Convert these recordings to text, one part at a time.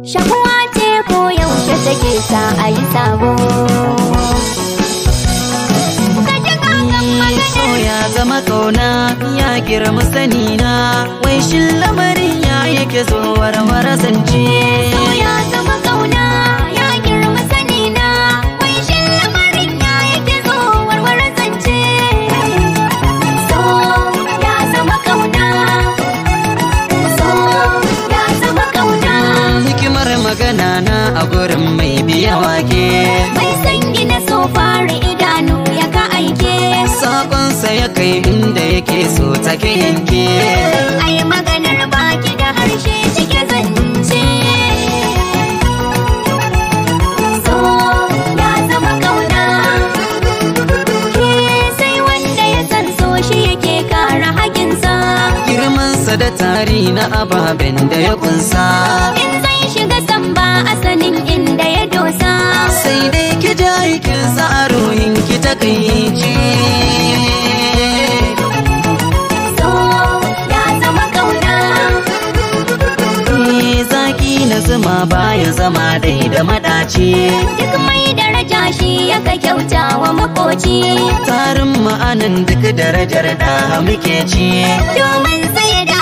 Shakuwa ce ko yaushe take sa a yi sabo. ya zama kauna ya girma sanina, wai shi lamarin ya yake zo warware zance. a gurin mai biya wake mai sangi na so fara idanu ya ka aike sakonsa ya kai inda yake so take yanke ai maganar baki da harshe cike zance so ya zama sai wanda ya shi yake hakinsa girmansa da tari na ababen da ya kunsa kin sa ruhin ki ta kai so ya zama zaki na zuma baya zama dai da madaci duk mai daraja shi ya ka kyauta wa makoci tarin ma'anan duk darajar da muke ci domin sai da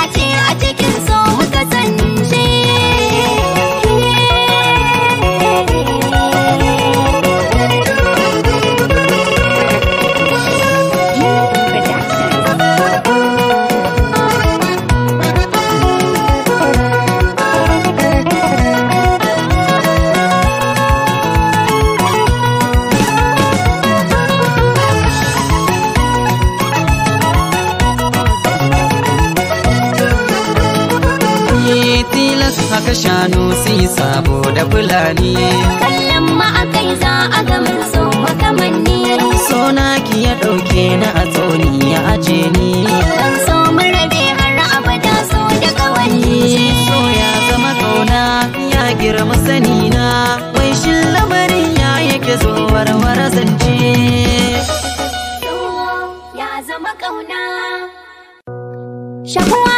aka shanu si sabo da fulani kallon ma akai za a ga mun so makamanni sona ki ya ɗauke na a tsoni ya aje ni ban so mun rabe har abada so da kawanni. so ya zama kauna ya girma sani na wai shin lamarin ya yake zo warware zance ya zama kauna shakuwa